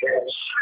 fish.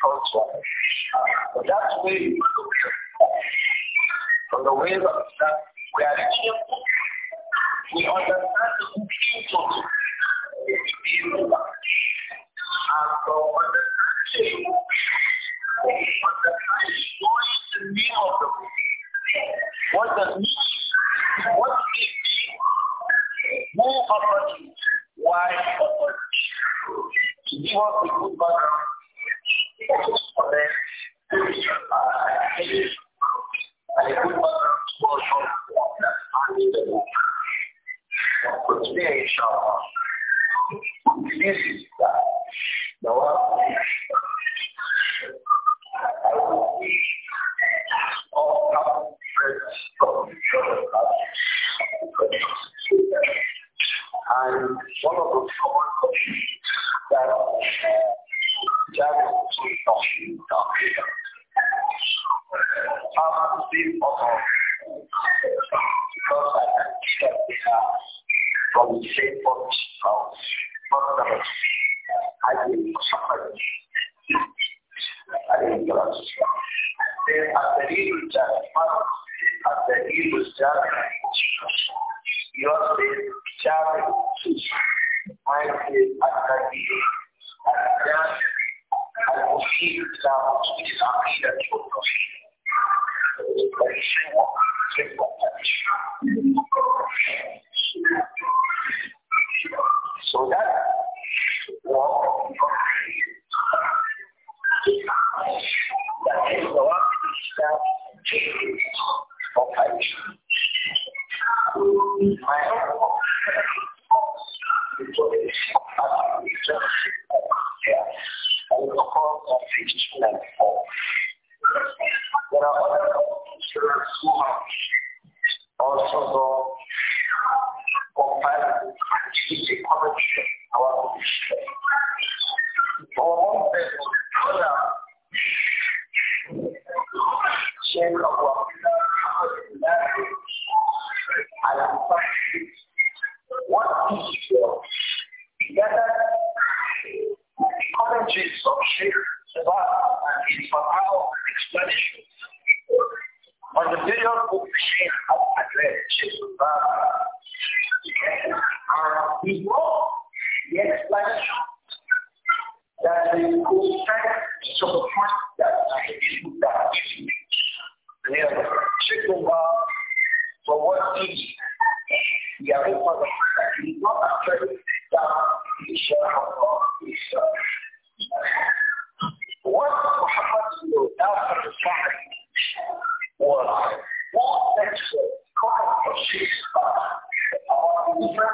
culture. But that way, from the way of that comprar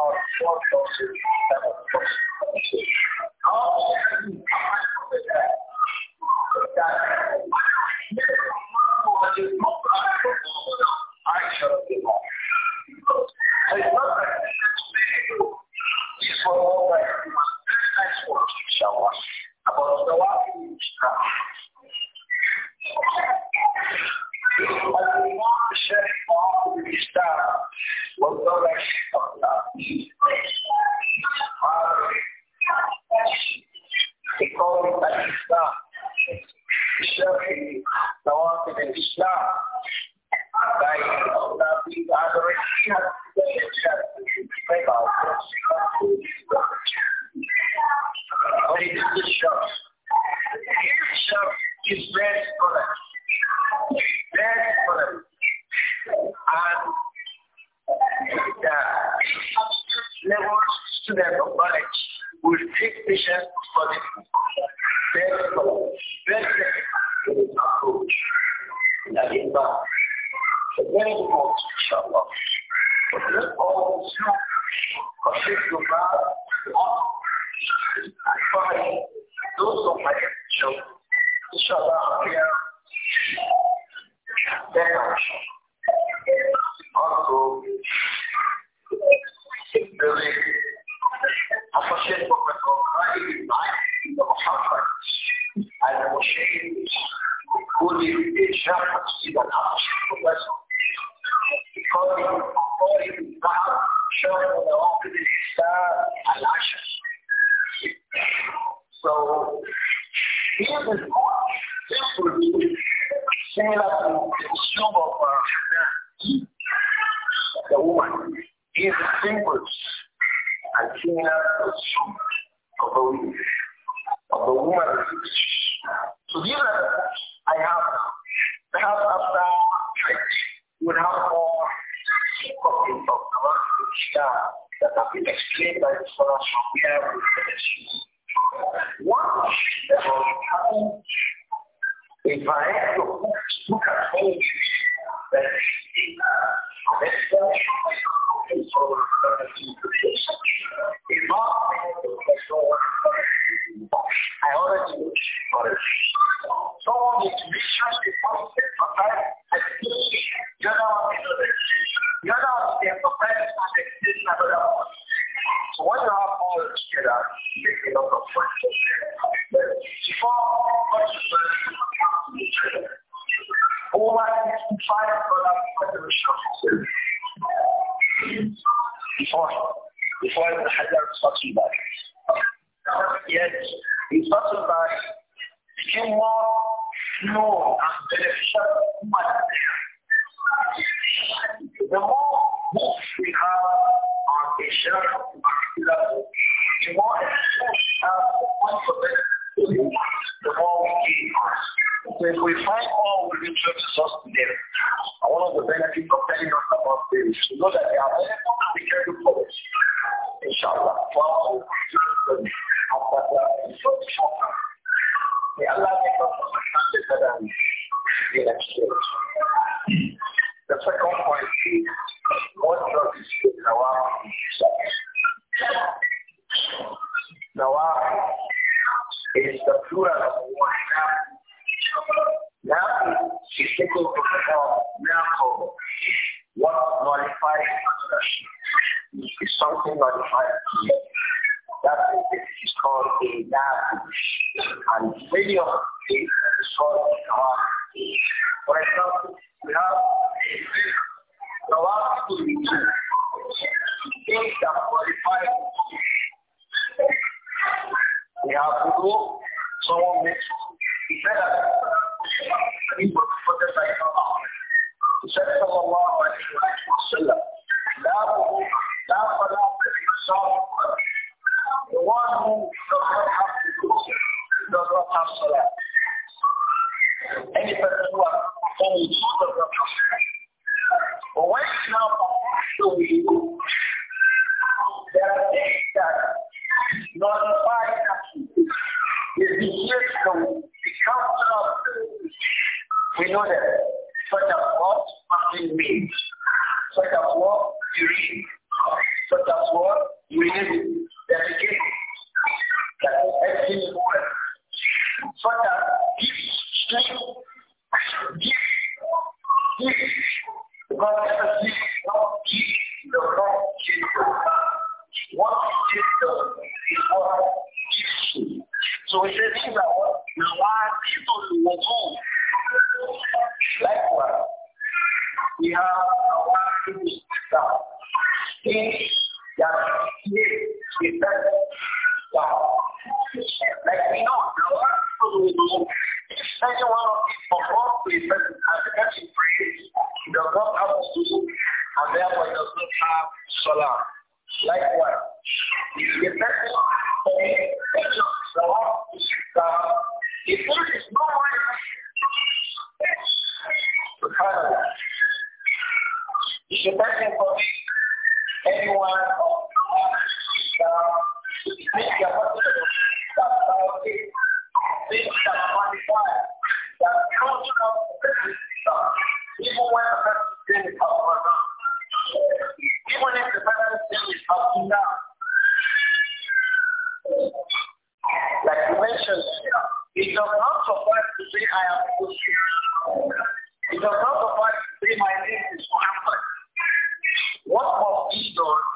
好，都是，都是，都是，好。Krishna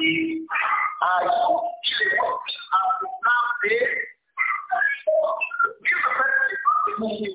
is are you and to now say, if the person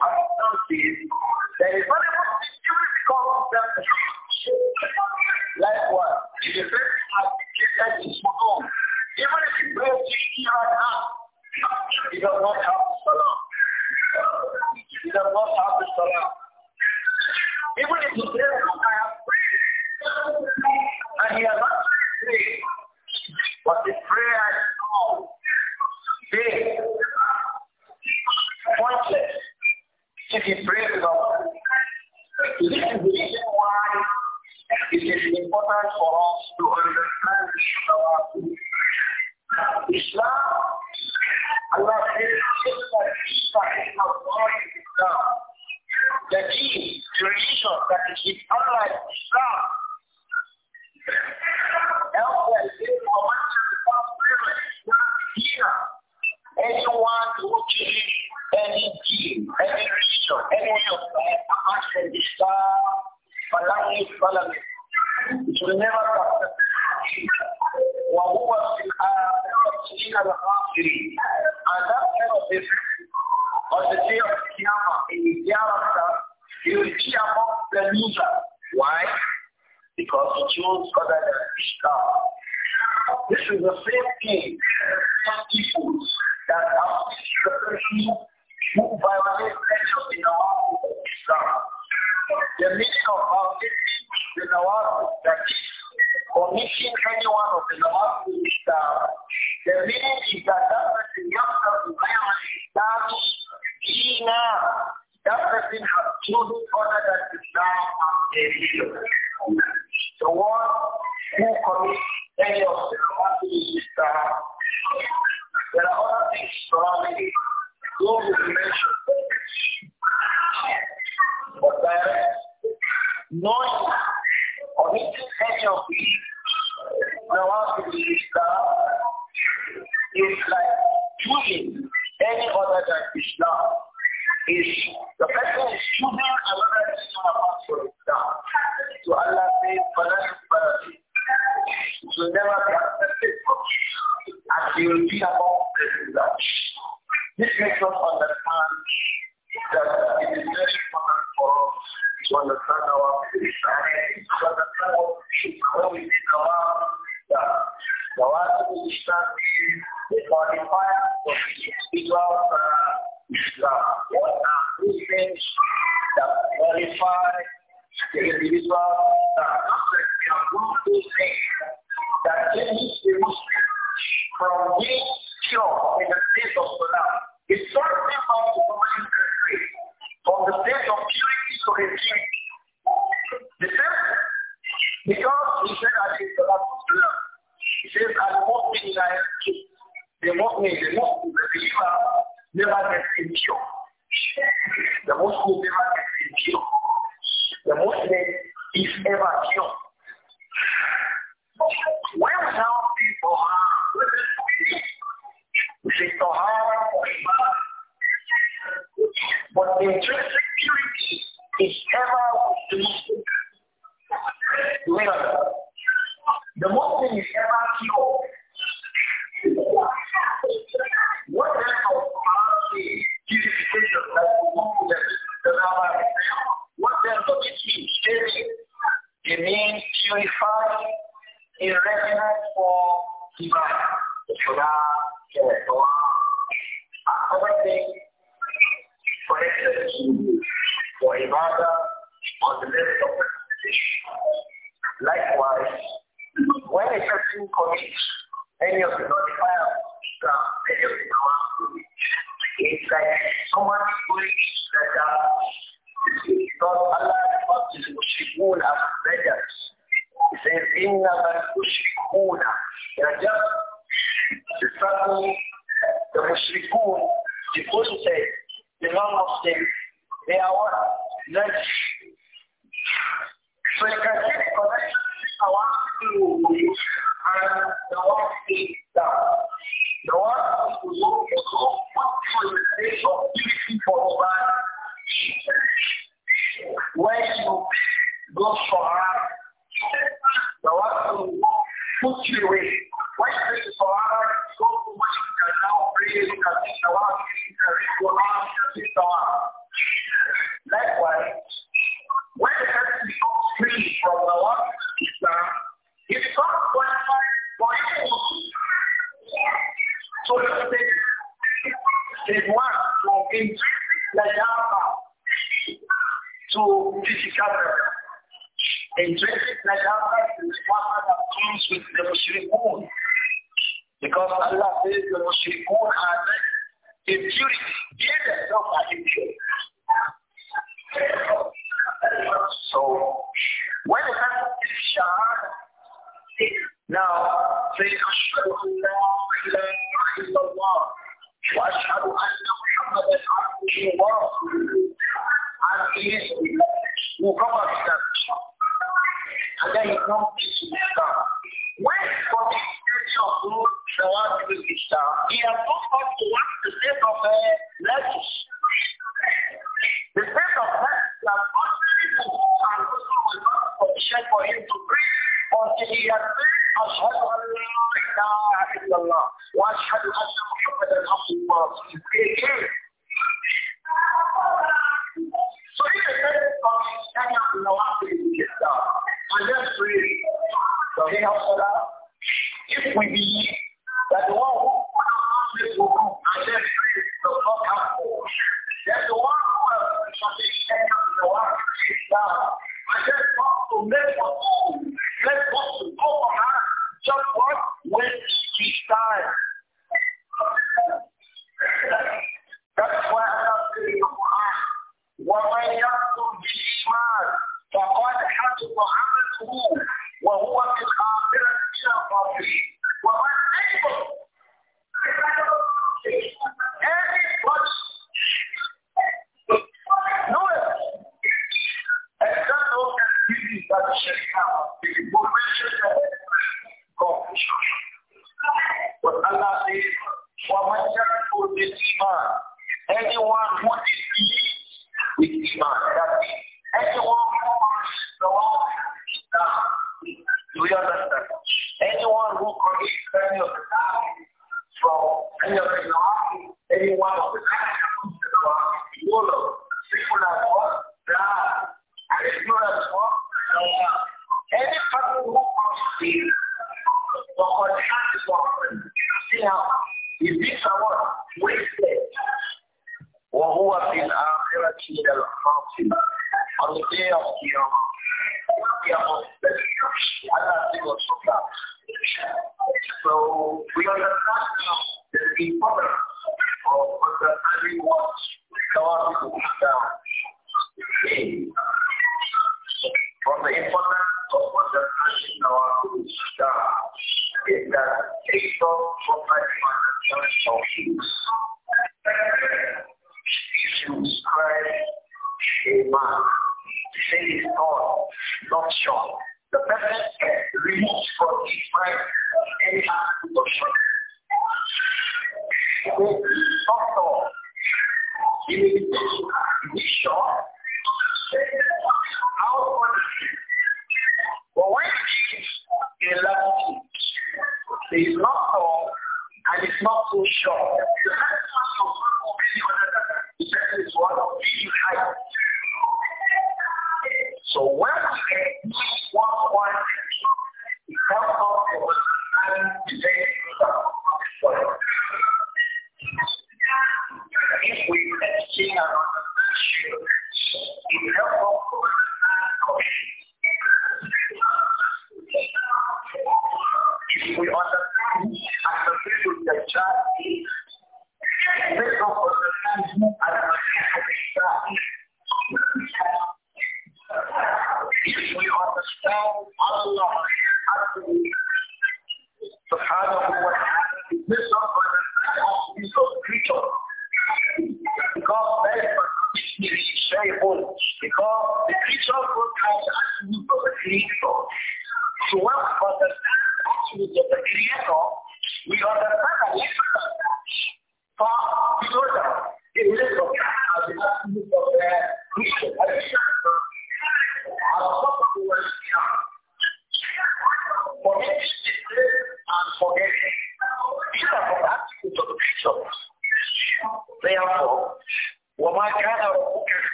Because he said, that salatu wasalam, he says, al-mu'min la yaqi. The mu'min, the mu'min, the believer, never gets impure. The Muslim never gets impure. The Muslim is ever pure. When we have people uh, we say Tahara oh, But the intrinsic purity is ever with the Muslim. 那个 Sahih if we believe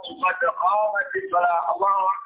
الصلاة قد قامت الصلاة الله أكبر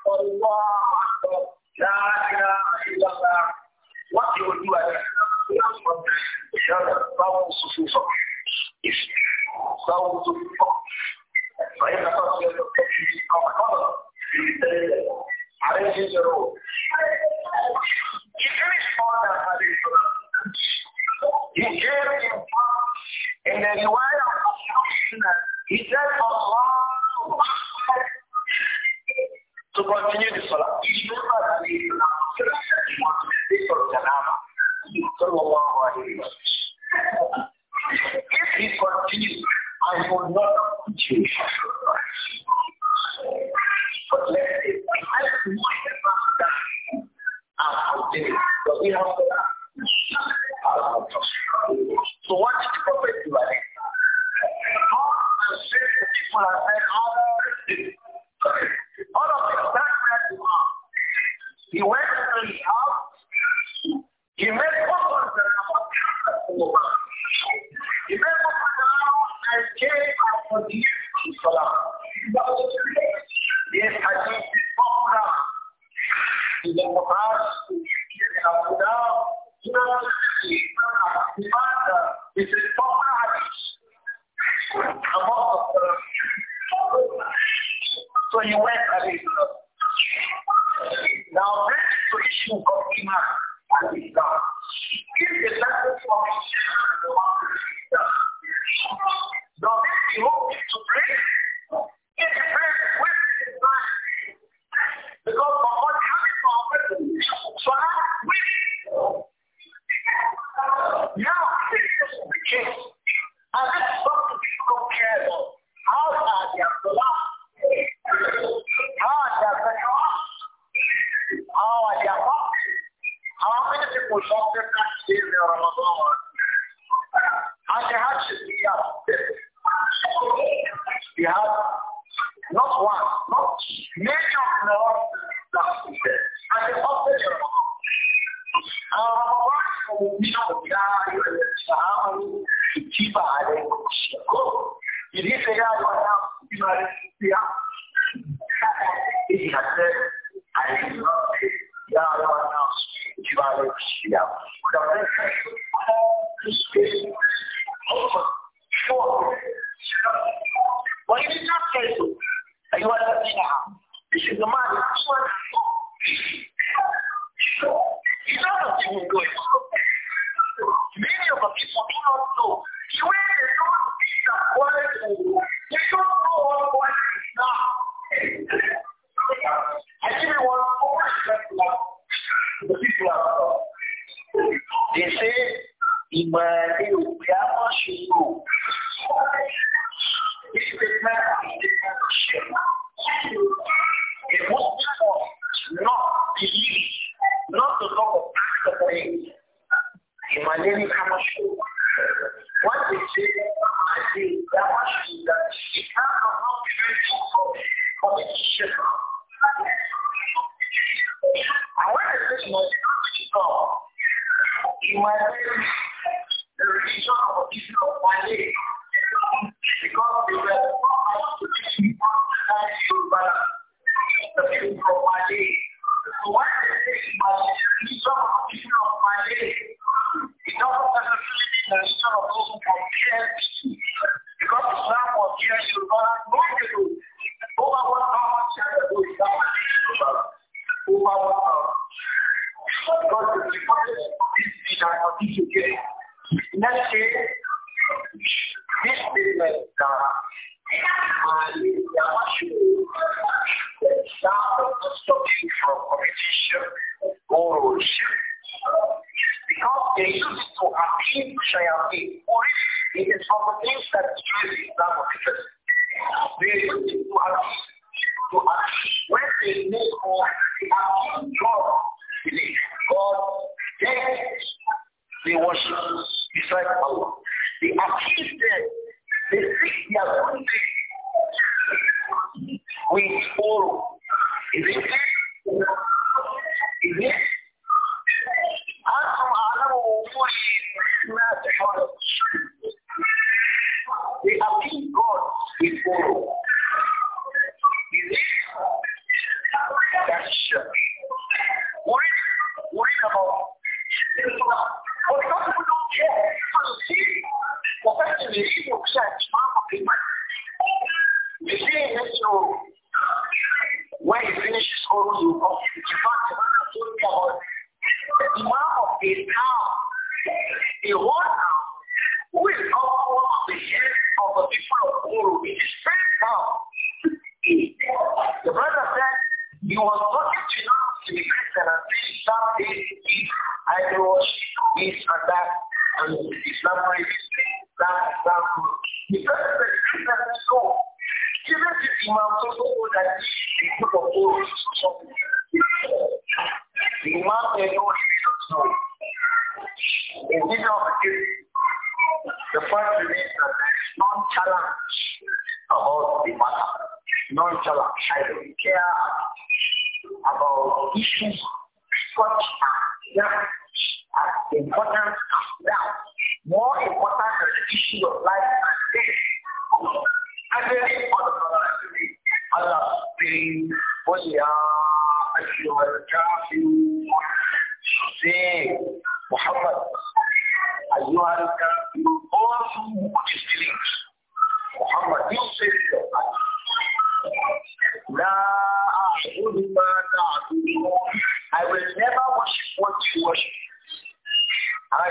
ما الكافرين أيها you لا أعبد ما تعبدون I will never worship what you worship I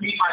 meet my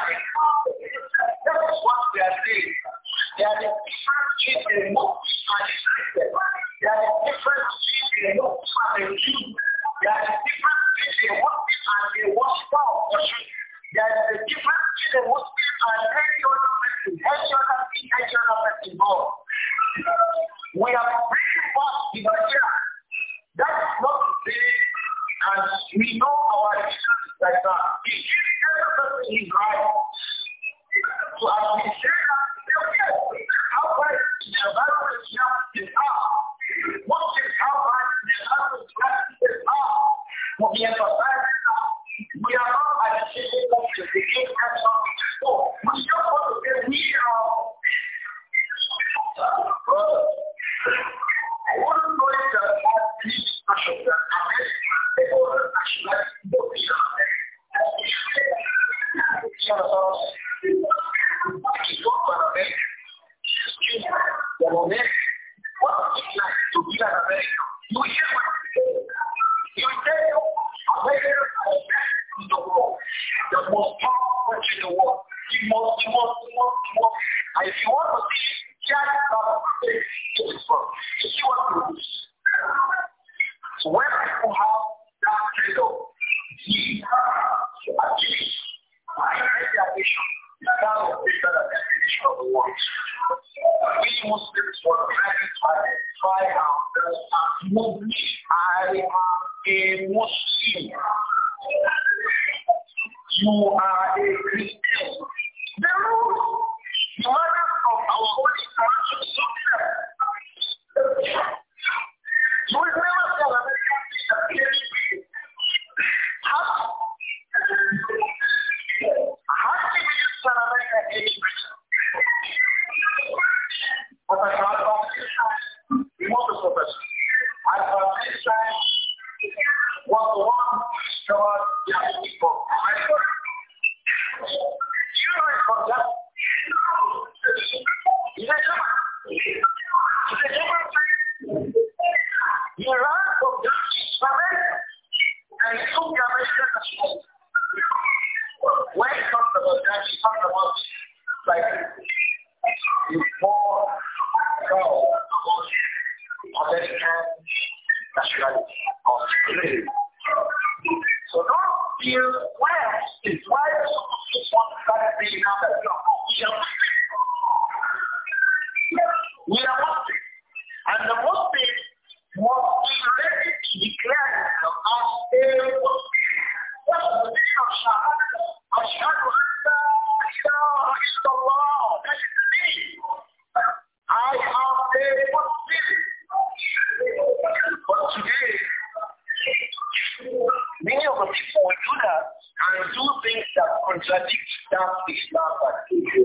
that contradicts that Islam that America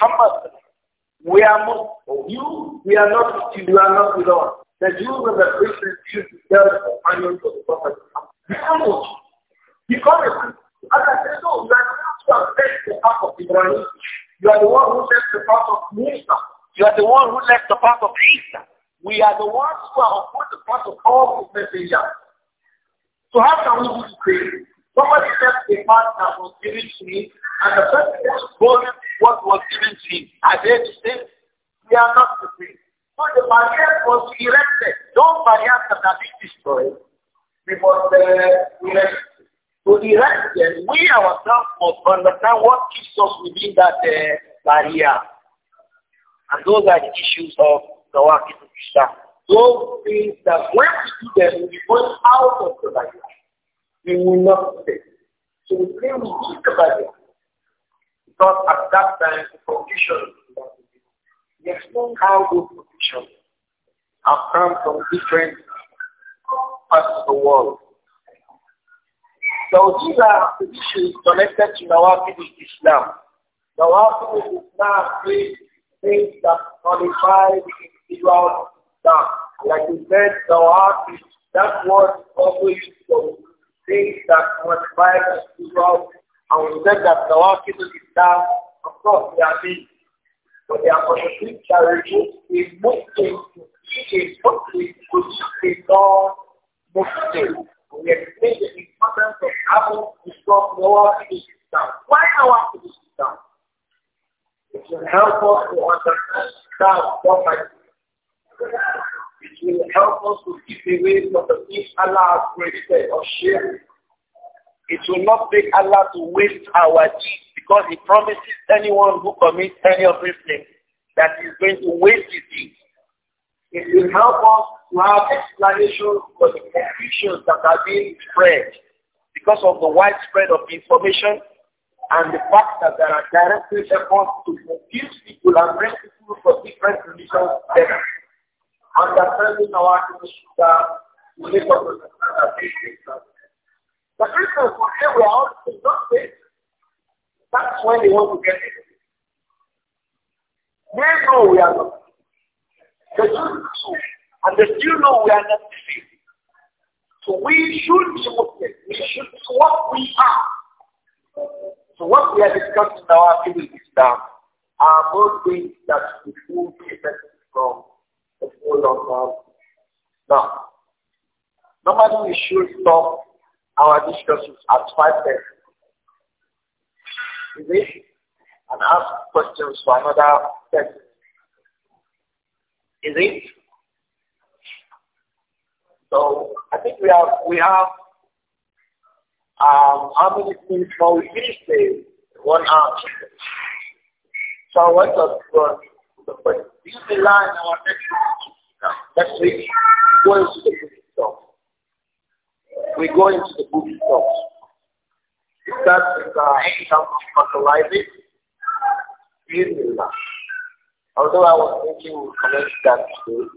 Muhammad, we are not? You, we are not you, you are not with us. The Jews and the understand what keeps us within that uh, barrier. And those are the issues of the work of Islam. Those things that when we do them, we go out of the barrier. We will not stay. So we claim we the barrier. Because at that time, the condition we explain how those conditions have come from different parts of the world. So are the issues connected to Nawafid Islam. Nawafid Islam is things that qualify the individual Islam. Like we said, Nawafid, that word also used for things that qualify the individual. And we said that Nawafid Islam, of course, they are things, but they are for the things that remove the to be a Muslim, which is a non-Muslim. We explain the importance of having discussed lower issues down. Why our issues down? It will help us to understand that properly. It will help us to keep away from the things Allah has created or shared. It will not make Allah to waste our deeds because He promises anyone who commits any of these things that He's going to waste his deeds. It will help us to have explanation for the confusions that are being spread because of the widespread of information and the fact that there are directives efforts to confuse people and bring people for different religions together. Understanding our religion uh, the Christians will say we not faith. That's when they want to get it. They know we are not. And they still know we are not deceived. So we should be what We should be what we are. So what we are discussing now actually is that are more things that we should be from the whole of God. Now, normally we should stop our discussions at 5 30. And ask questions for another 30 is it? So I think we have we have um, how many things we finish the one hour. So I want us to the line our next week. Next week we go into the book itself. We go into the book itself. It starts او دوه او چې خلک تاسو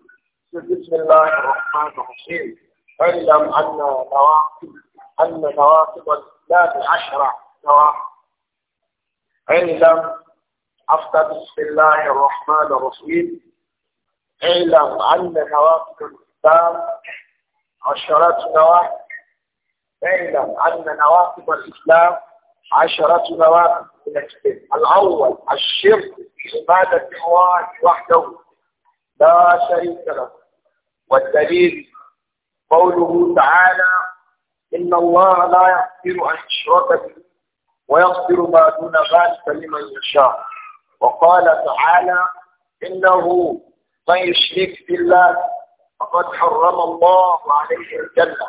بسم الله الرحمن الرحيم علم ان نواقب ان نواقب الثلاث عشرة نواقب علم افتى بسم الله الرحمن الرحيم علم ان نواقب الاسلام عشرات نواقب علم ان نواقب الاسلام عشرة نوافل من السن الأول الشرك في عبادة الله وحده لا شريك له والدليل قوله تعالى إن الله لا يغفر أن يشرك به ويغفر ما دون ذلك لمن يشاء وقال تعالى إنه من يشرك بالله فقد حرم الله عليه الجنة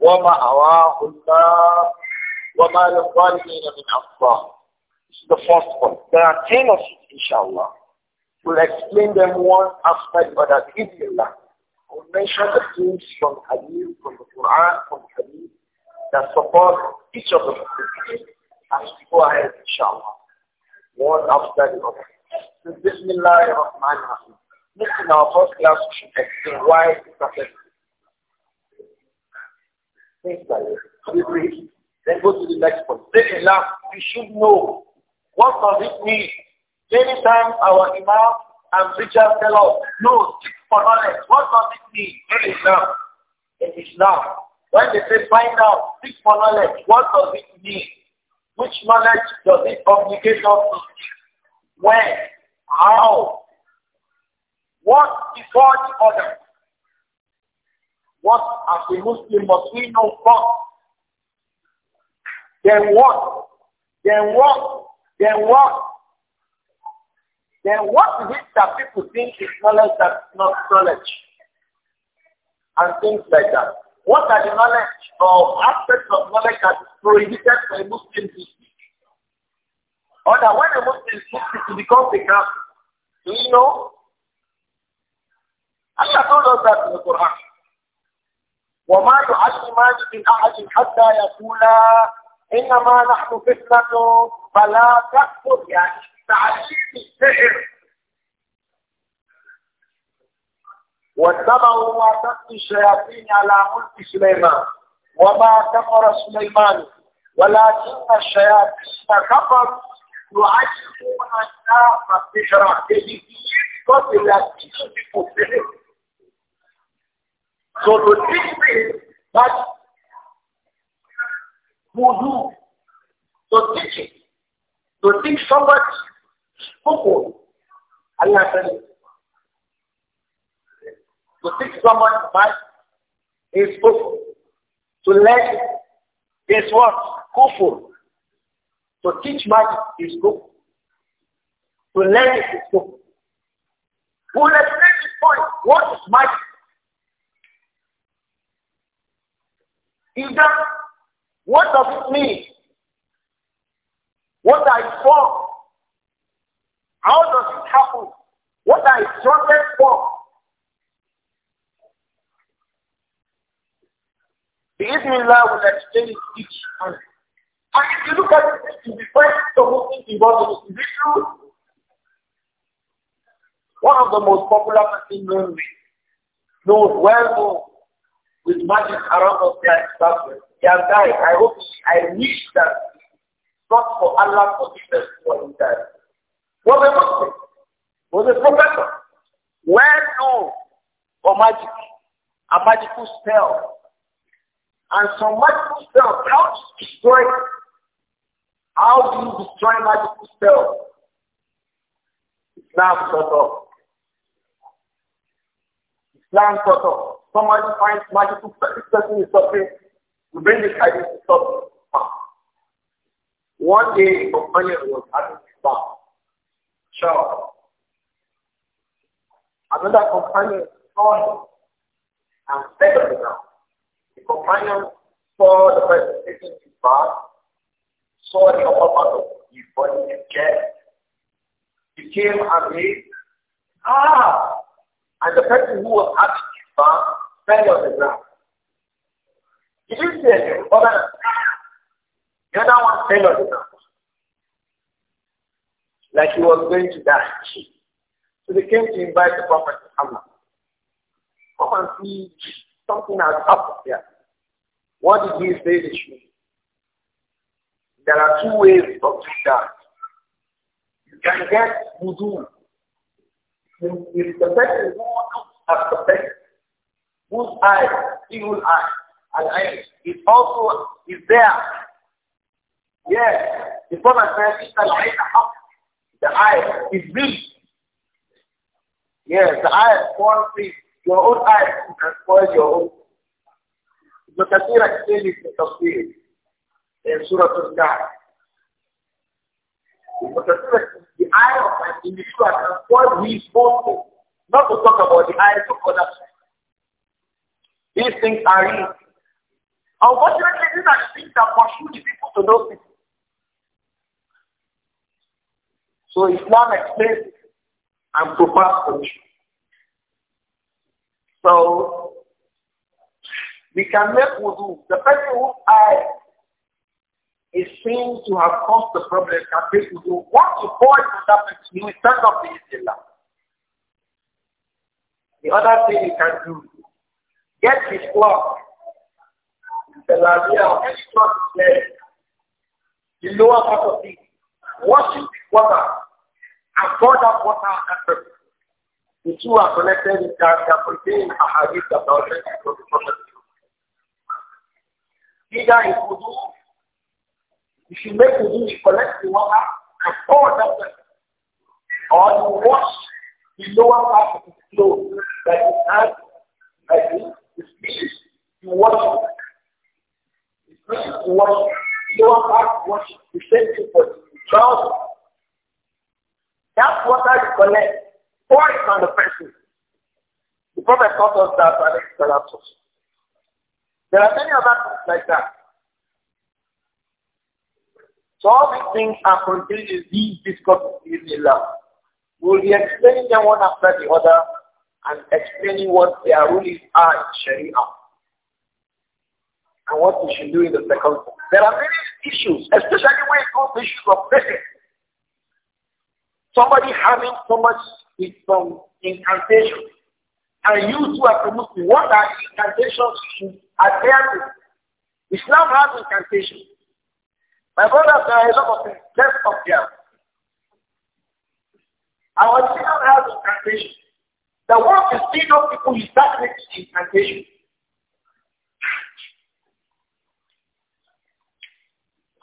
ومأواه النار وَمَا لِلظَّالِمِينَ مِنْ أَنصَارٍ This is the first one. There are ten of it, inshallah. We'll explain them one after the other, bismillah. We'll mention the things from Hadith, from the Quran, from the Hadith, that support each of the prophets as we go ahead, inshallah. One after the other. So, bismillah ar-Rahman ar-Rahim. This in our first class, we should explain why the prophet. Things like this. Then go to the next point. Say Allah, we should know. What does it mean? Anytime our Imam and preacher tell us, no, seek for knowledge. What does it mean? In Islam. In Islam. When they say find out, seek for knowledge, what does it mean? Which knowledge does it obligate us to When? How? What before the other? What as a Muslim must we know first? Then what? Then what? Then what? Then what is it that people think is knowledge that's not knowledge? And things like that. What are the knowledge or aspects of knowledge that is prohibited for a Muslim to speak? Or that when a Muslim speaks, it becomes a kafir. Do you know? Allah told us that in the Quran. وَمَا يُعَلِّمَانِ مِنْ أَحَدٍ حَتَّى يَقُولَا إنما نحن فتنة فلا تكفر يعني تعليم السحر واتبعوا ما تأتي الشياطين على ملك سليمان وما كفر سليمان ولكن الشياطين كفر يعلمون الناس السحر قبل أن يشركوا به. So to think that do, to teach it, to teach somebody spoken. Allah said To teach someone by is spoken. To learn is what? Kufur. To teach much is kufur. To learn is kufur. Who will explain this point? What is much? Is that what does it mean? What I for? How does it happen? What I instructed for? The law will explain each and and if you look at it, in the find the most involved in this One of the most popular person known with, known well known with magic around us here in he has died. I hope, I wish that not for Allah's forgiveness for him died. Was a Muslim. Was a professor. Well known for magic. A magical spell. And some magical spell how to destroy. How do you destroy magical spell? Islam sort of. Islam sort of. Somebody finds magical spell. This person is suffering. We bring this hadith to stop One day, a companion was having his bath. Another companion saw him and said on the ground. The companion saw the person taking his bath, saw the upper part of his body and chest. He came and said, ah! And the person who was having his bath fell on the ground. If the other, the other one fell on the like he was going to die. So they came to invite the Prophet Muhammad. Come and see something has happened here. What did he say to you? There are two ways of doing that. You can get voodoo. If the person who looks at the person, whose eye, evil eye, Al-ilm. It also is there. Yes. The Prophet says, It's al-ayn The eye is big. Yes, the eye spoils things. Your own eye can spoil your own. Ibn Kathir explained this in Tafsir in Surah Al-Kahf. Ibn Kathir the eye of an individual can spoil his own things. Not to talk about the eye of others. These things are real. Unfortunately, these are things that pursue the people to those people. So Islam explains and provides solution. So we can make wudu. The person who I is seen to have caused the problem can make wudu. Once you fall into that person, you will stand up in Islam. The other thing you can do, get his clock Salaria, any church is led, the lower part of it, water, and pour that water on that The two are connected in that they are contained in a hadith that are the Either in wudu, if you make wudu, you collect the water and pour that Or you wash the lower part of the clothes, that his hands, like his, the knees, you wash it. This worship, lower part worship, to send people. for the trousers. That water you collect, pour it on the person. The Prophet taught us that and it's collapses. There are many other things like that. So all these things are contained in these discourses in love. We'll be explaining them one after the other and explaining what their rulings are ah, in Sharia and what you should do in the second, There are many issues, especially when it comes to issues of faith. Somebody having so much with some incantation, and you too are promoting what are incantations you should adhere to? Islam has incantation. My brother, there are a lot of things of them. Our Islam has incantation. The world is still of people you start with incantation.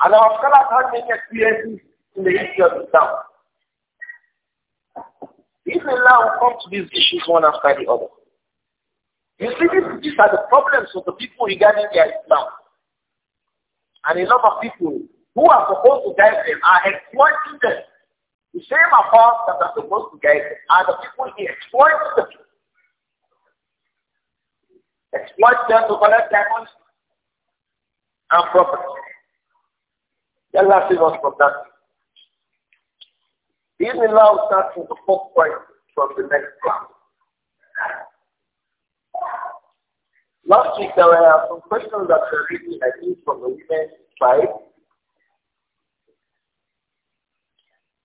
And our scholars had many experiences in the history of Islam. If Allah will come to these issues one after the other. You see, this, these are the problems of the people regarding their Islam. And a lot of people who are supposed to guide them are exploiting them. The same apart that are supposed to guide them are the people who exploit them. Exploit them to collect their money and property. Allah save us from that. Even Allah will start from the fourth point from the next class. Last week there were some questions that were written, I think, from the women's side.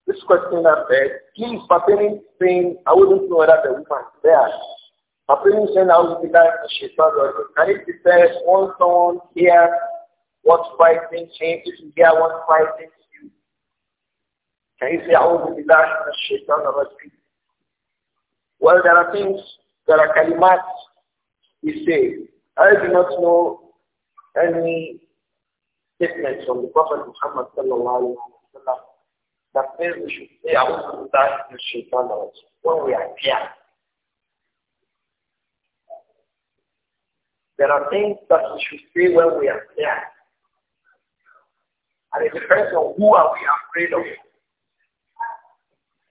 This question that said, please pertaining saying, I wouldn't know whether the woman is there. Pertaining saying, I would be like, she said, can it be said, one someone here what frightens him if you hear what frightens you. Can you say, A'udhu Billahi Minash Shaitan Rajim? Well, there are things, there are kalimat we say. I do not know any statements from the Prophet Muhammad sallallahu alayhi wa that says we should say, I will be A'udhu Billahi Minash Shaitan Rajim when we are here. There are things that we should say when we are there. And it depends on who are we afraid of.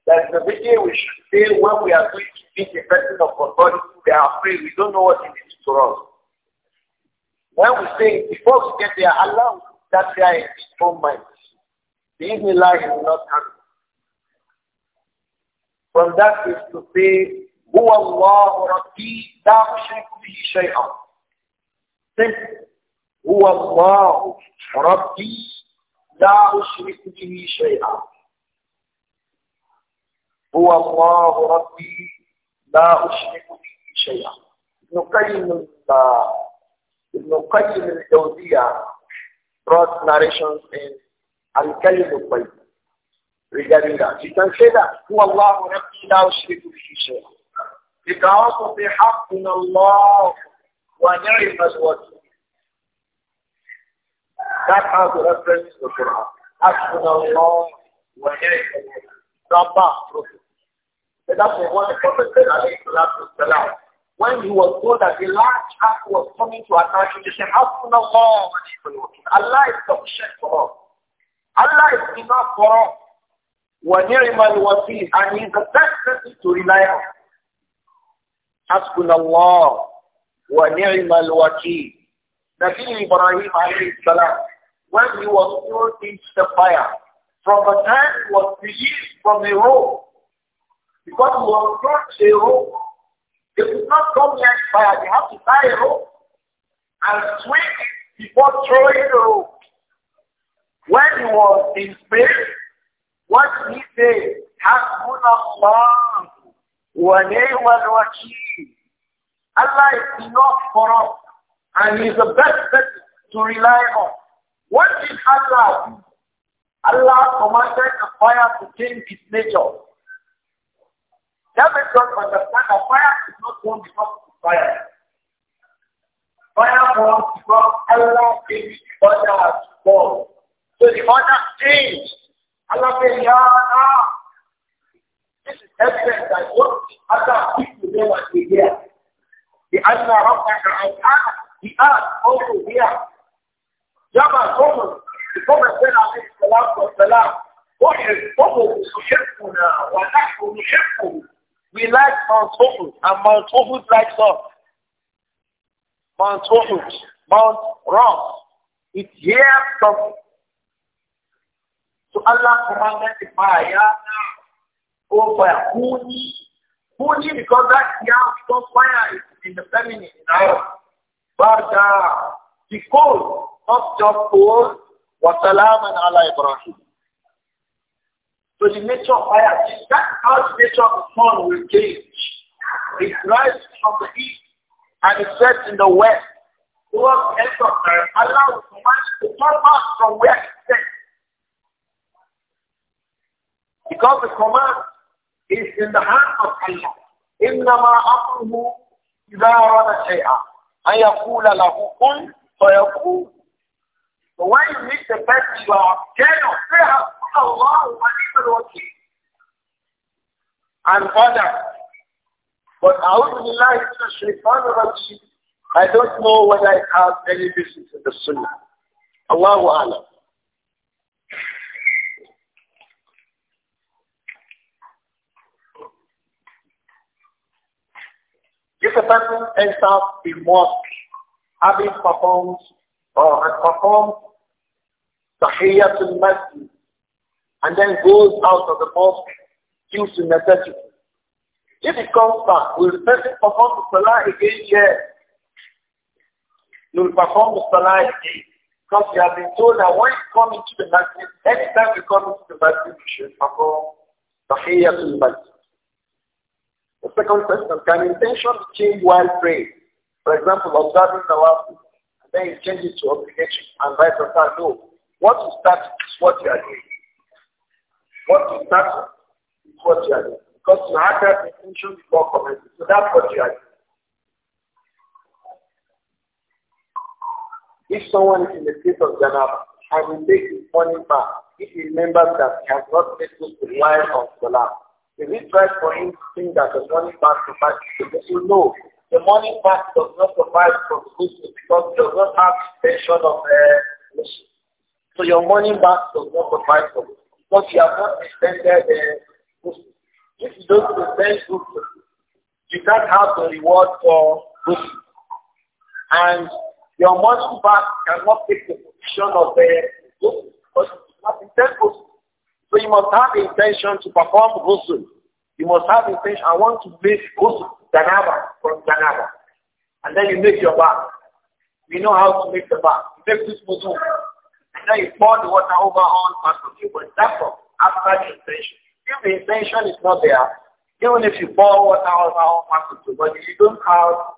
That is the thing we should say when we are going to meet a person of authority, we are afraid. We don't know what it is for us. When we say, before we get there, Allah that guy in his own mind. The evening light will not come. From that is to say, who Allah or ربي لا أشرك به شيئا. Simple. Allah or ربي لا أشرك به شيئا هو الله ربي لا أشرك به شيئا ابن قيم ابن قيم الجوزية brought narrations in الكلم الطيب regarding that. You can say that, هو الله ربي لا أشرك به شيئا. You can also say الله ونعم الوكيل. That has a reference to the Quran. Hasbunallah wa ni'mal Rabba Prophet. So that was what the Prophet said, alayhi salatu When he was told that the large army was coming to attack him, he said, Hasbunallah wa Allah is sufficient for us. Allah is enough for us. Wa ni'mal wakil. And he is the best person to rely on. Hasbunallah wa ni'mal wakil. Nabi Ibrahim salam, when he was thrown into the fire, from the time he was released from the rope, because he was thrown to a rope, they could not come near the fire, they have to tie a rope and swing it before throwing the rope. When he was in space, what he said, حَسْبُنَ اللَّهُ وَنِعْمَ الْوَكِيلُ Allah is enough for us. And he's the best person to rely on. What did Allah Allah commanded the fire to change its nature. That makes us understand that fire is not born because of fire. Fire comes because Allah gave the order to fall. So the order changed. Allah said, Ya nah. This is evidence that what other people to them was the year. The Allah Rabbah al-Qur'an the jihad also here. Jabal Roman, the Prophet said, alayhi salatu wasalam, what is Tohu Sushifuna, wa Nahu Nishifu? We like Mount Tohu, and Mount Tohu likes us. Mount Tohu, Mount Ross. It's here from so Allah commanded the fire over oh, Huni. Huni because that here because fire is in the feminine now." Arab. Barda, the cold, not just cold, wa and Allah Ibrahim. So the nature of fire, that how the nature of the sun will change. It rises from the east and it sets in the west. Towards the end of time, Allah will command to turn back from where it sets. Because the command is in the hand of Allah. إنما أمره إذا أراد شيئا and يَقُولَ لَهُ كُنْ So when you meet the best you are jealous, say حَسْبُنَ اللَّهُ وَنِعْمَ الْوَكِيلُ And further, but أعوذ بالله من الشيطان الرجيم I don't know whether I have any business in the Sunnah. Allahu Alam. If a person enters the mosque having performed or has performed tahiyatul Masjid and then goes out of the mosque due to necessity, if he comes back, will the person perform the Salah again? Yes. He will perform the Salah again. Because you have been told that when you come into the masjid, every time you come into the masjid, you should perform tahiyatul Masjid second question, can intention change while praying? For example, observing the last and then you change it to obligation and vice versa. No. What you start is what you are doing. What you start is what you are doing. Because you have that intention before commenting. So that's what you are doing. If someone is in the state of Janaba and he takes his morning bath, if he remembers that he has not made good while on Salah, if we try for him think that the money fast suffices, he will know the money fast does not provide for Muslims because it does not have intention of uh, mission. So your money fast does not provide for Muslims because you have not extended the uh, If you don't extend Muslims, you can't have the reward for Muslims. And your money fast cannot take the position of uh, the Muslims because it's not intended so you must have intention to perform ghusl. You must have intention, I want to make ghusl, janaba, from janaba. And then you make your bath. We know how to make the bath. You make this wudu. And then you pour the water over on parts of you. But that's all, after the intention. If the intention is not there, even if you pour water over on parts of you, but if you don't have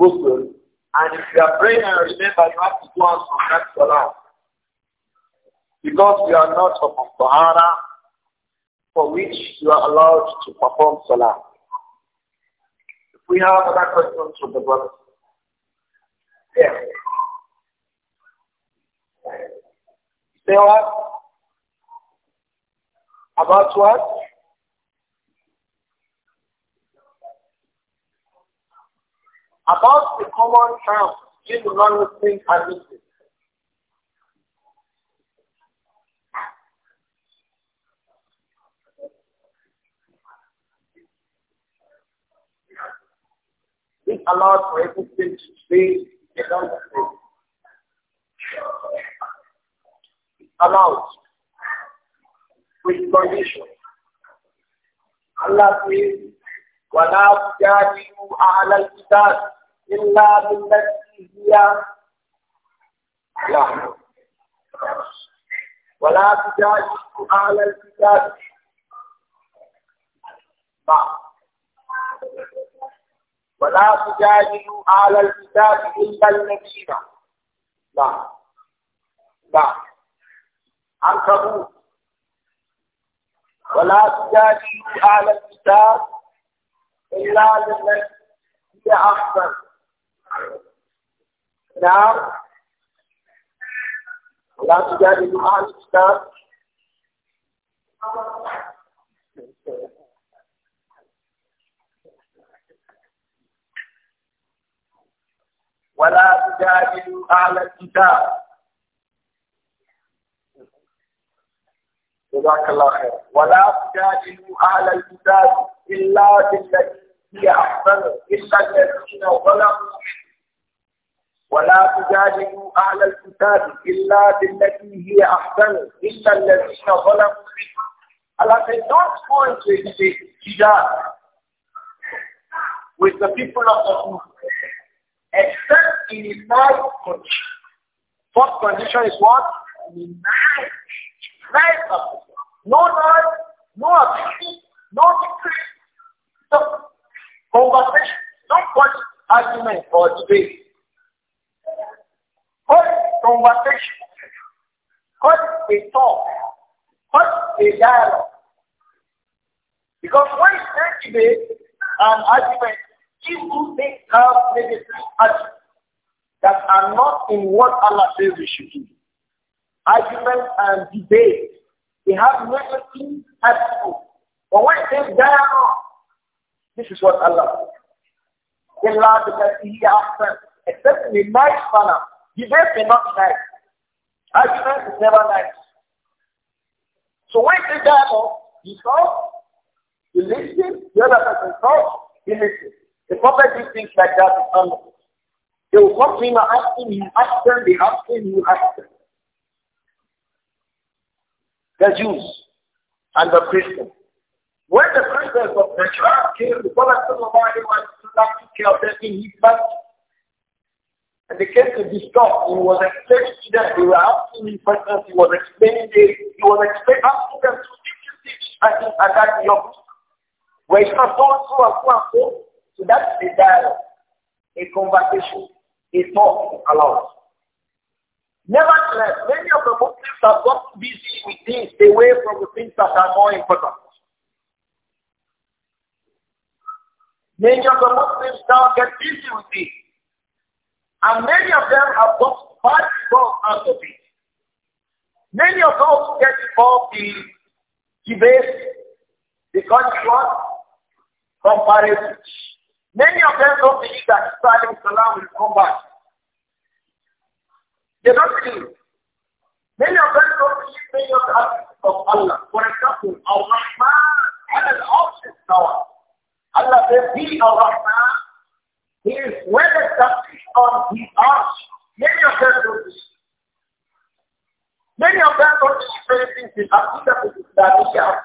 ghusl, and if you are praying and remember, you have to go out from that salah. Because you are not upon Sahara for which you are allowed to perform Salah. If we have other questions from the brothers. Yeah. Say what? About what? About the common term between non-Muslims and Muslims. We allows for everything to be around with condition. Allah says, وَلَا تُجَادِلُوا أَهْلَ الْكِتَابِ إِلَّا بِالَّتِي هِيَ وَلَا تُجَادِلُوا أَهْلَ الْكِتَابِ ولا تجادلوا على الكتاب إلا الذين لا لا عنكبوت ولا تجادلوا على الكتاب إلا الذين هي أحسن نعم ولا تجادلوا على الكتاب ولا تجادلوا أهل الكتاب جزاك الله خير ولا تجادلوا أهل الكتاب إلا بالتي هي أحسن إلا الذين ظلموا ولا تجادلوا أهل الكتاب إلا بالتي هي أحسن إلا الذين ظلموا I Allah don't go into the jihad with the people of the book. except in a five condition. First condition is what? Night. Night of No noise, no ability, no decree. So, conversation, not much argument or debate. What conversation? What a talk? What a dialogue? Because when you say today, an argument People they have negative actions that are not in what Allah says we should do. Arguments and debates, they have negative attitudes. But when they die off, this is what Allah says. Allah because he after, except in a nice manner. Debate is not nice. Argument is never nice. So when they die off, you talk, you listen, the other person talks, you listen. The prophet did things like that with Amr. They will come to him and ask him, he asked them, they asked him, he asked them. The Jews and the Christians. When the Christians of the Najran came, the Prophet took care of them in his back. And they came to discuss. He was explaining to them. They were asking him questions. He was explaining this. He was explaining, asking them to teach you things. I think I got your book. Where he not so and so and so and so. So that's a dialogue, a conversation, a talk allowed. Nevertheless, many of the Muslims have got busy with things away from the things that are more important. Many of the Muslims now get busy with this. And many of them have got bad results out of it. Many of those who get involved in debate, the contrast, comparisons. Many of them don't believe that Isa salam will come back. They don't believe. Many of them don't believe many of the attributes of Allah. For example, Al rahman has an arsh is Allah says, He, Ar-Rahman, He is well established on His arch. Many of them don't believe. Many of them don't believe anything in Aqidah to Islamiyah.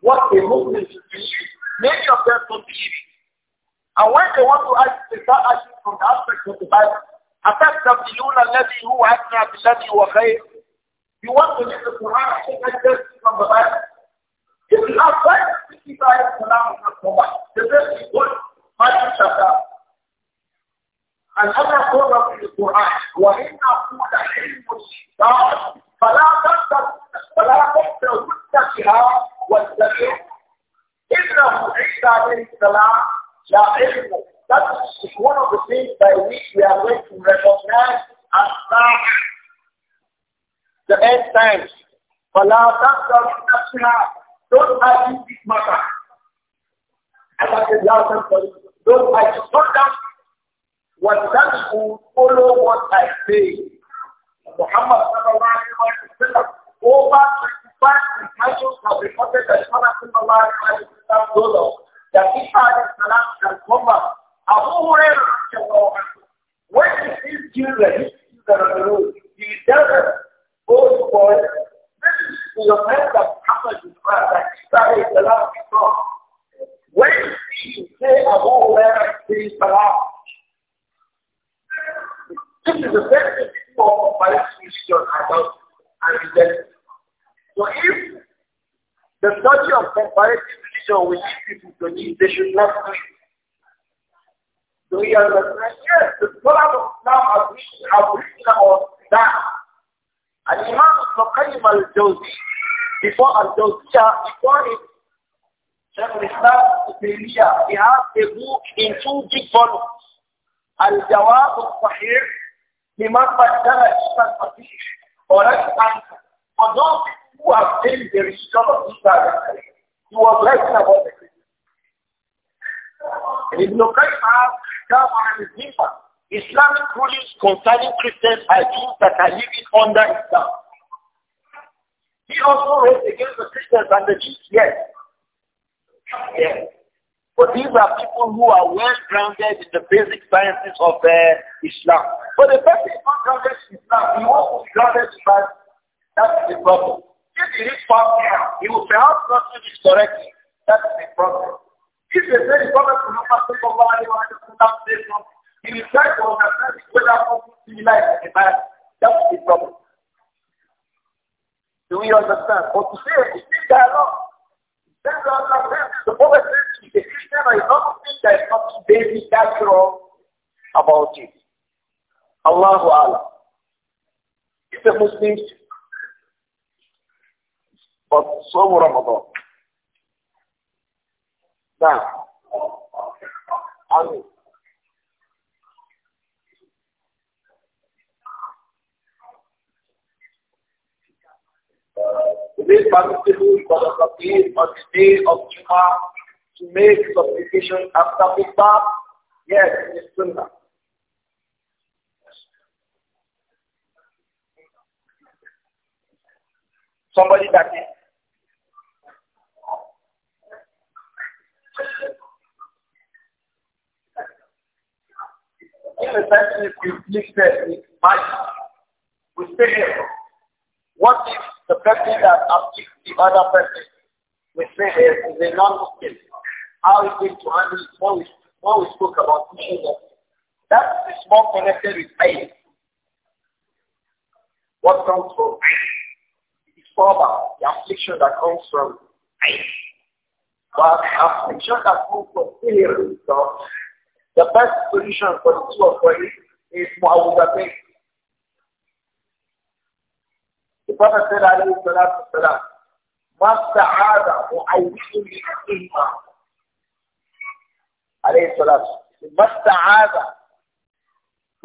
What the Muslim is believe, many of them don't believe it. And when they want to ask, they start asking from the aspect of the Bible. Attack the Bilun أتستبدلون الذي هو أدنى بالذي هو خير You want to read the Quran and take test from the Bible. If you have 565 Quran is not so much. The best is good. Matthew chapter. Another quote of the Quran. وَإِنَّ قُولَ حِلْمُ الشِّيطَانِ فَلَا تَقْتَلُ فَلَا تَقْتَلُ التَّكِهَا وَالتَّكِهَا إِنَّهُ عِيسَى عَلَيْهِ السَّلَامُ La That is one of the things by which we are going to recognize and as the end times. فَلَا تَقْدَرْ نَفْسِهَا Don't argue this matter. As I said last time, don't argue. Not what that will follow what I say. Muhammad sallallahu Alaihi wa sallam, over 25 disciples have reported that Muhammad sallallahu Alaihi wa sallam told us, that Isa salam transformer, Abu Hurairah, when he sees children, he sees on the road, he doesn't go for this is the event that happened in France, that Isa salam saw. When he say Abu Hurairah says salam, this is the best people of my religion about and then. So if the study of comparative religion will lead people to believe they should not do it. Do we understand? Yes, the scholars of Islam have written, about that. And Imam Qayyim al-Jawzi, before al-Jawziyah, before it, Shaykh al-Islam, Ibn he has a book in two big volumes. الجواب الصحيح لمن al الشيء or وليس عنه. For those who have obtained the result of Isa He was writing about the Christians. And Ibn Qayyim has come and is different. Islamic rulings concerning Christians are things that are living under Islam. He also wrote against the Christians and the Jews, yes. Yes. But these are people who are well grounded in the basic sciences of uh, Islam. But the person is not grounded in Islam. He wants to be grounded in Islam. That's the problem. If he reads past he will perhaps not read it correctly. That is the problem. If problem say the Prophet Muhammad sallallahu alayhi wa sallam says something, he will try to understand whether something similar is like the Bible. That is the problem. Do we understand? But to say it's still dialogue. Then to understand the Prophet says to the Christian, I don't think there is nothing basic about it. Allahu Allah. If the Muslim. But some Ramadan. Now, and uh, It is permissible the day of Juma to make supplication after Khutbah? Yes, it is Sunnah. Somebody that is If a person is inflicted with magic, with failure, what if the person that affects the other person with failure is a non-Muslim? How is it to handle it? When we, when we spoke about issues that is more connected with faith. What comes from faith? It is former, the affliction that comes from faith. But affliction that comes from fear. is the best solution for the two of you is Muawwadatain. The Prophet said, alayhi salatu salam, مَسْتَعَادَ مُعَوِّدٌ لِأَخِيهَا عليه salam. والسلام مستعاذ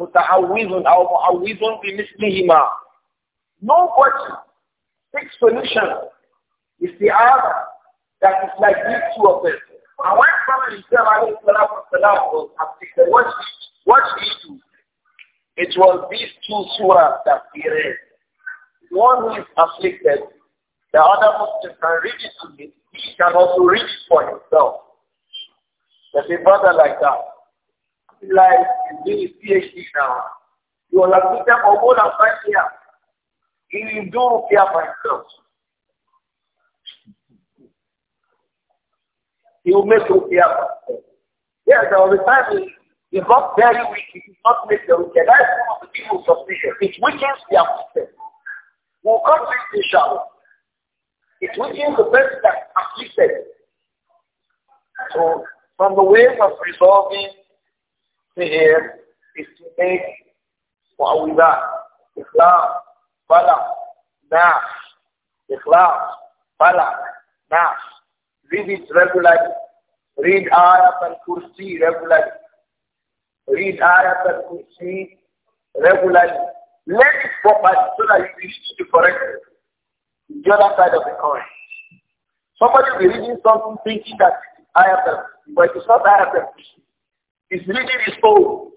متعوذ أو معوذ بمثلهما nobody takes solution is the other that is like these two of them and when family said, alayhi salatu wasalam, was afflicted, what did, what did he do? It was these two surahs that he read. One who is afflicted, the other Muslim can read it to him. He can also read it for himself. There's a brother like that. Like he's doing his PhD now. He was afflicted for more than five years. He will do it for himself. he will make ruqyah. Yes, there was a time he got very weak, he does not make the wicked. That is one of the people's suspicion. It weakens the weakness. We'll come to this inshallah. It weakens the person that afflicted. So, from the way of resolving fear is to make معوذات إخلاص فلا ناس إخلاص فلا ناس read it regularly. Read Ayat al-Kursi regularly. Read Ayat al-Kursi regularly. Learn it properly so that you read it correctly. The other side of the coin. Somebody will be reading something thinking that Ayat al-Kursi, but it's not Ayat al-Kursi. It's reading his own.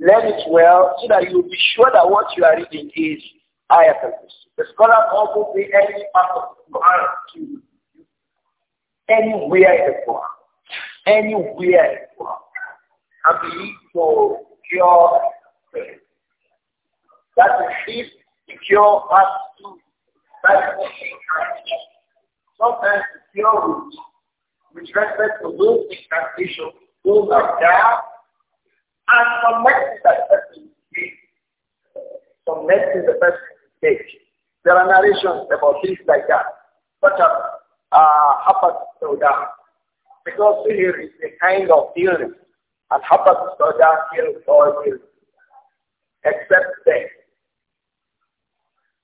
Learn it well so that you'll be sure that what you are reading is Ayat al-Kursi. The scholar also be any part of the Quran to you anywhere in the world. Anywhere in the world. And believe to cure faith. That is if the cure has to that is Sometimes the cure will with respect to those incantations, those are there, and some medicine that person takes. Some medicine the person takes. There are narrations about things like that, such as um, uh, Habat Sauda. Because sihir is a kind of illness. And Habat Sauda kills all illness, except death.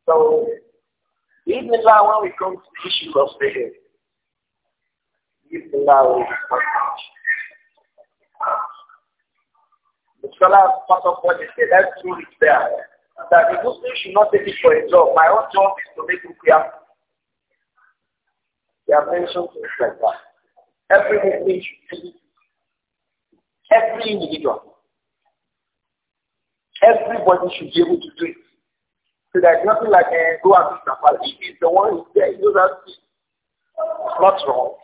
So, even Allah, when we come to the issue of sihir, even we will The scholars part of what they say, that's true, it's there. That the Muslim should not take it for a job. My own job is to make ruqyah they have mentioned things like that. Every Muslim should be, every individual, everybody should be able to do it. So there's nothing like a eh, go and be Safari. If is the one who's there. He knows that. It's Not wrong.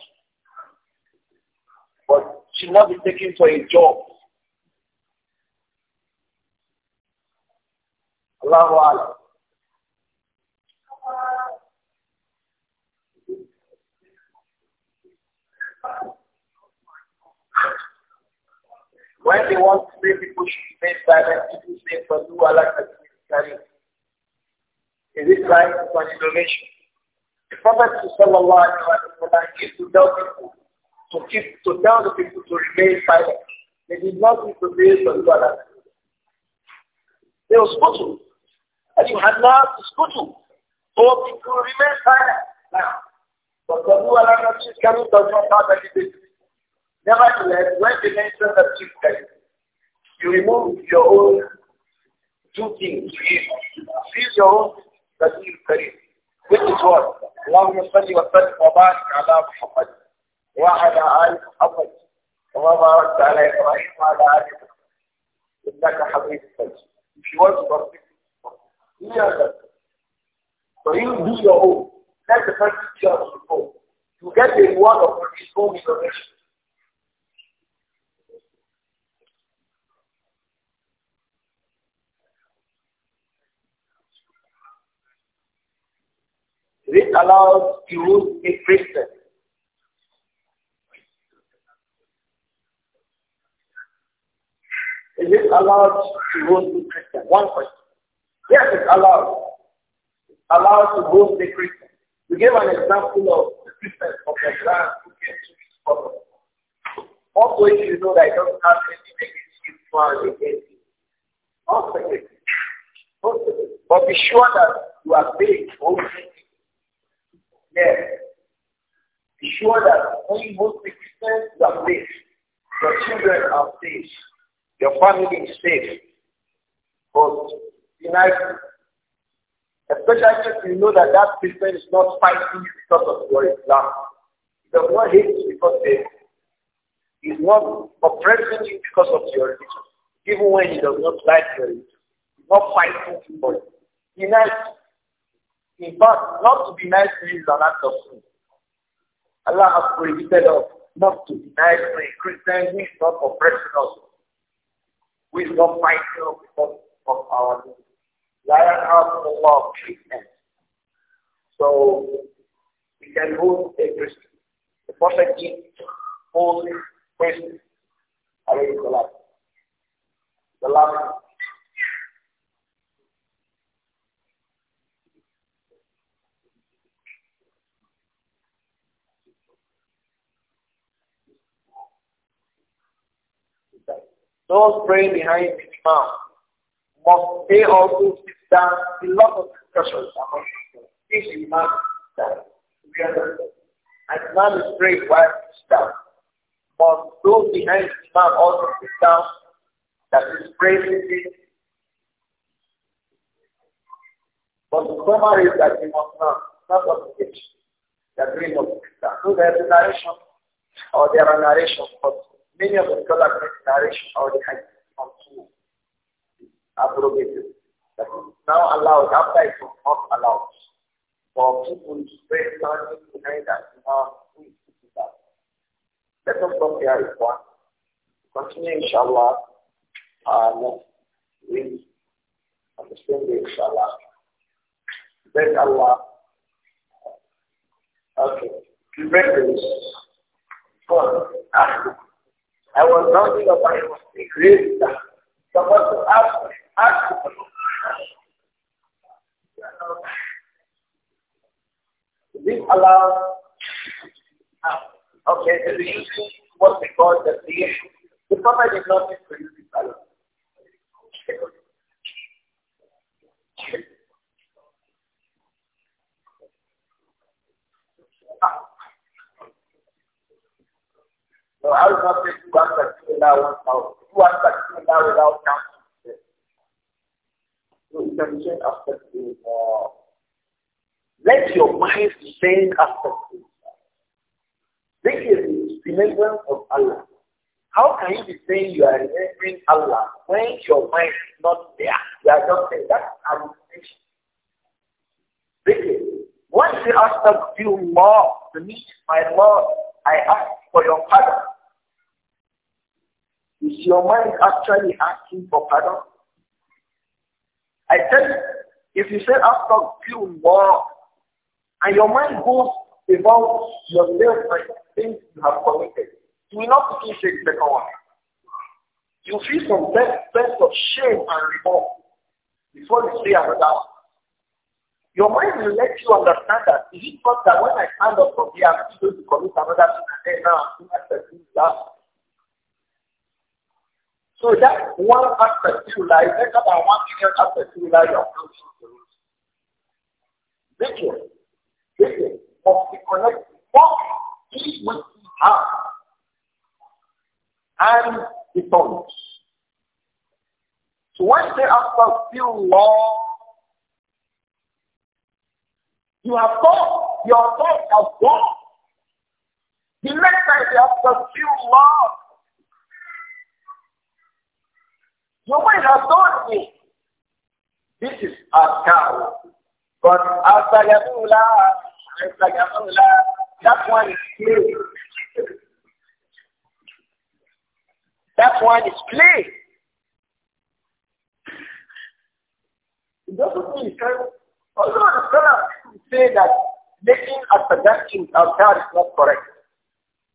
But should not be taken for a job. Allahu Allah. When they want to say people should be silent, people say, for you, Allah is Is it right? It's an innovation. The Prophet sallallahu alayhi wa sallam used to tell people to keep, to tell the people to remain silent. They did not need to say, for you, Allah They were supposed And you had not supposed to. Or people remain silent. Now, but for you, Allah is coming does not have any basis. Nevertheless, when the mention of chieftain, you remove your own two things. Leave your own Rasul Karim, which is what? Wa Allahumma اللهم صل وسلم وبارك على محمد وعلى آل محمد كما باركت على إبراهيم وعلى آل إبراهيم إنك حميد مجيد. If you want to perfect, hear that. So you do your own. Let the person do your own. You get the reward of his own resurrection. This allows to use a Christian. Is it allowed to roast the Christian? One question. Yes, it's allowed. It's allowed to roast the Christian. We give an example of the Christian of the land who came to this problem. Also, if you know that I do not have anything against you, plan against you. Not secretly. But be sure that you are paid for it clear. Be sure that when you move to distance, you are safe. Your children are safe. Your family is safe. But be Especially if you know that that person is not fighting you because of your Islam. He does not hate you because they, he's not oppressing you because of your religion. Even when he does not like your religion. He's not fighting you for it. Be in fact, not to be nice to you is an act of sin. Allah has prohibited us not to be nice to a Christian who is not oppressing us, who is not fighting us because of our needs. Lion out the law of treatment. So we can hold a Christian. The Prophet gives holy Christian. The last Those praying behind the imam must they also sit down a lot of discussions among This imam that we understand. And imam is praying while he sits down. Must those behind the imam also sit down that is praying with him? But the summary is that he must not, not obligation the dream of that. So there is a narration, or there are narrations, but many of the scholars make narration or the hadith from two abrogated. That is now allowed, after it was not allowed, for people to spread standing behind us now we speak that. Let us stop here with one. Continue inshallah uh, next week on the same day inshallah. Thank Allah Okay. Remembrance. Well, I was not sure if it. was a great Someone to ask me. Ask me. This allows, uh, okay, the reason what we call the reason. The problem is not introduce this alone. So I will not take two answers similar without two answers similar without counting. So it's a chain aspect is let your mind change after This is the remembrance of Allah. How can you be saying you are remembering Allah when your mind is not there? You are just saying that's hallucination. Because once you ask for your more the need my Lord, I ask for your pardon. Is your mind actually asking for pardon? I tell you, if you say after few more, and your mind goes about yourself and things you have committed, you will not feel the second one. You feel some sense of shame and remorse before you say another one. Your mind will let you understand that is it not that when I stand up from here, I'm still going to commit another sin and then now I'm still accepting that. So that one aspect you like, better than one million aspects you like of closing the root. Thinking, thinking of the connect, what is with the heart and the tongue. So when they ask feel law, you have thought, your thought has gone. The next time they ask feel law, You would have told me. This is Askar. But Astagfirullah, Astagfirullah, that one is play. That one is play. It doesn't mean although the scholars say that making Askar in Askar is not correct.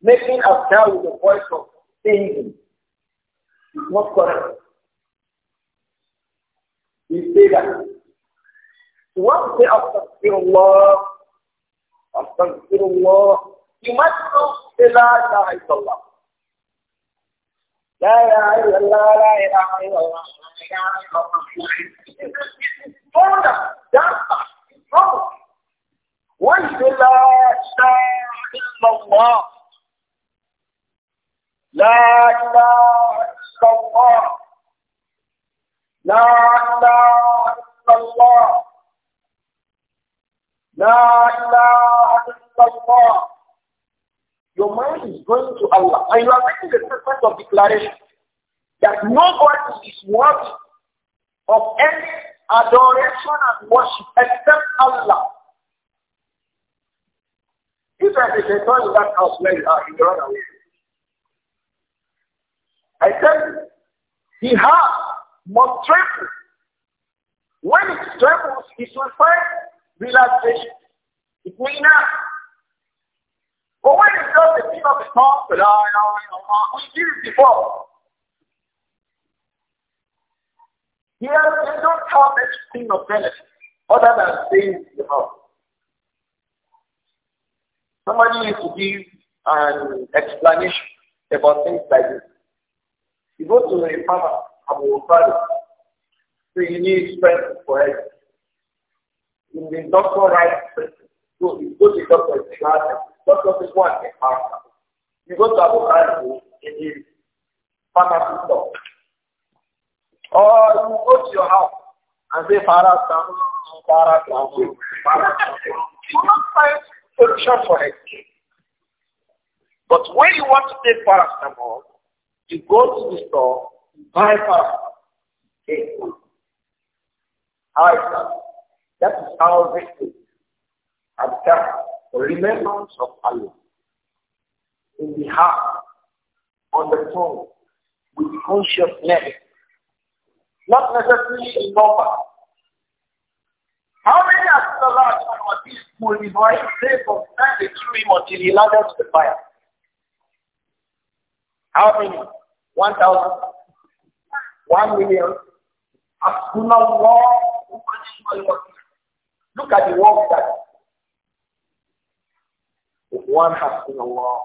Making Askar with the voice of singing is not correct. You say that. Once say astaghfirullah, astaghfirullah, you must know say la ilaha illallah. لا إله إلا الله لا إله إلا الله لا إله إلا الله. Further, that's not wrong. Once say la ilaha illallah, لا إله إلا الله Allah, إله Your mind is going to Allah and you are making the statement of declaration that nobody is worthy of any adoration and worship except Allah. If I say in that house where you are, you run away. I tell you, he has must tremble. When it trembles, it will find relaxation. It may not. But when it does the people of the but I know, I know, we did it before. Here, they don't have anything of benefit other than saying the mouth. Somebody needs to give an explanation about things like this. You go to a farmer, Abu Talib. So you need strength for it. In the doctor right person. So you go to doctor, you ask him, doctor is one in pharmacy. You go to Abu Talib in his pharmacy store. Or you go to your house and say, Farah Samu, Farah Samu, Farah Samu. You do not find solution for it. But when you want to take paracetamol, you go to the store bypass faith. That is how we has come. The remembrance of Allah in the heart, on the tongue, with consciousness, not necessarily in number. How many of the last time of this school is why they confess the tree until he landed the fire? How many? One thousand one million. Look at the work that one has been Allah.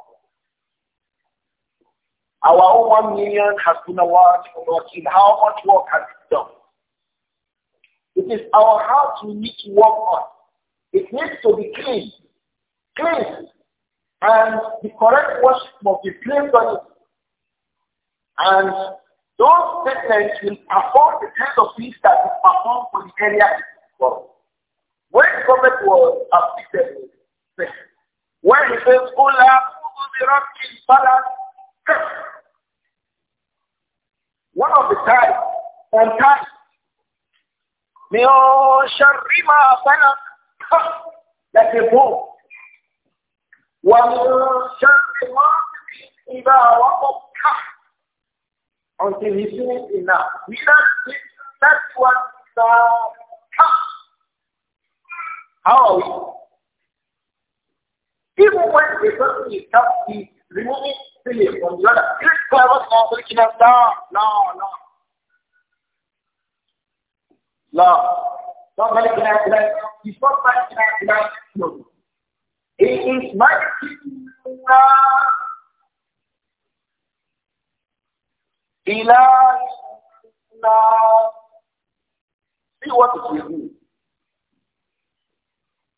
Our one million has been Allah How much work has been done? It is our heart we need to work on. It needs to be clean. Clean. And the correct worship must be placed on it. And those statements will afford the kind of peace that is performed for the area When the prophet was afflicted when he says, Ola, one of the times, sometimes, Sharima like a bow. وَمِنْ شَرِّ مَا إِذَا وَقَبْ until he feels enough. Without that's what the How are we? Even when the person is tough, he's removing feeling from the other. This looking at no, no, no. No. Somebody can act like, he's not like, like, He is my king. Ila See what it will do.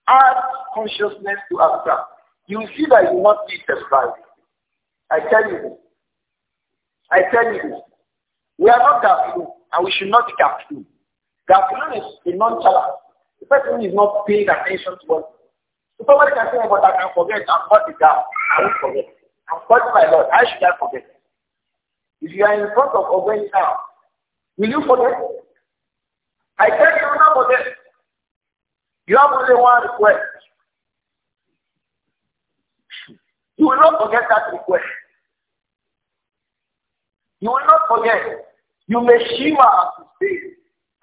Add consciousness to Azkar. You see that you must be satisfied. I tell you I tell you We are not Gafilun, and we should not be Gafilun. Gafilun is a nonchalant. The person is not paying attention to what. somebody can say, but I can forget. I'm not the Gaf. I will forget. I'm God my Lord. How should I forget? If you are in front of Ogwen now, will you forget? I tell you not forget. You have only one request. You will not forget that request. You will not forget. You may shiver as you say,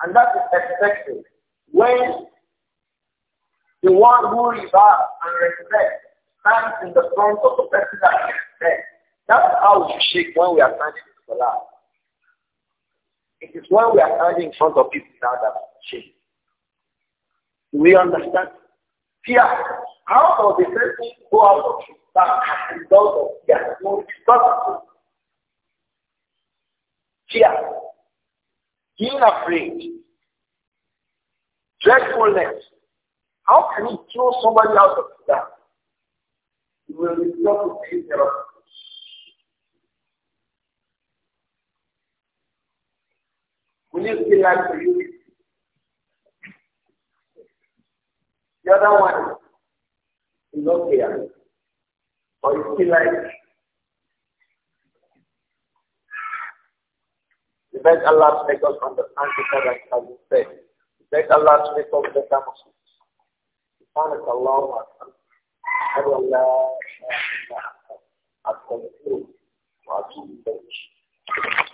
and that is expected. When the one who reveres and respects stands in the front of the person that respects, that's how we shake when we are standing in Salah. It is when we are standing in front of people now that we shake. Do we understand? Fear. How does the person go out of that? back as a result of fear? No, it's not Fear. Being afraid. Dreadfulness. How can you throw somebody out of that? You will be trouble to Will you still like to use it? The other one is not here. Or you still like We Allah to make us understand the Quran as we said. We Allah to make us better Muslims. سبحانك اللهم وبحمدك لا إله إلا أنت أستغفرك وأتوب إليك.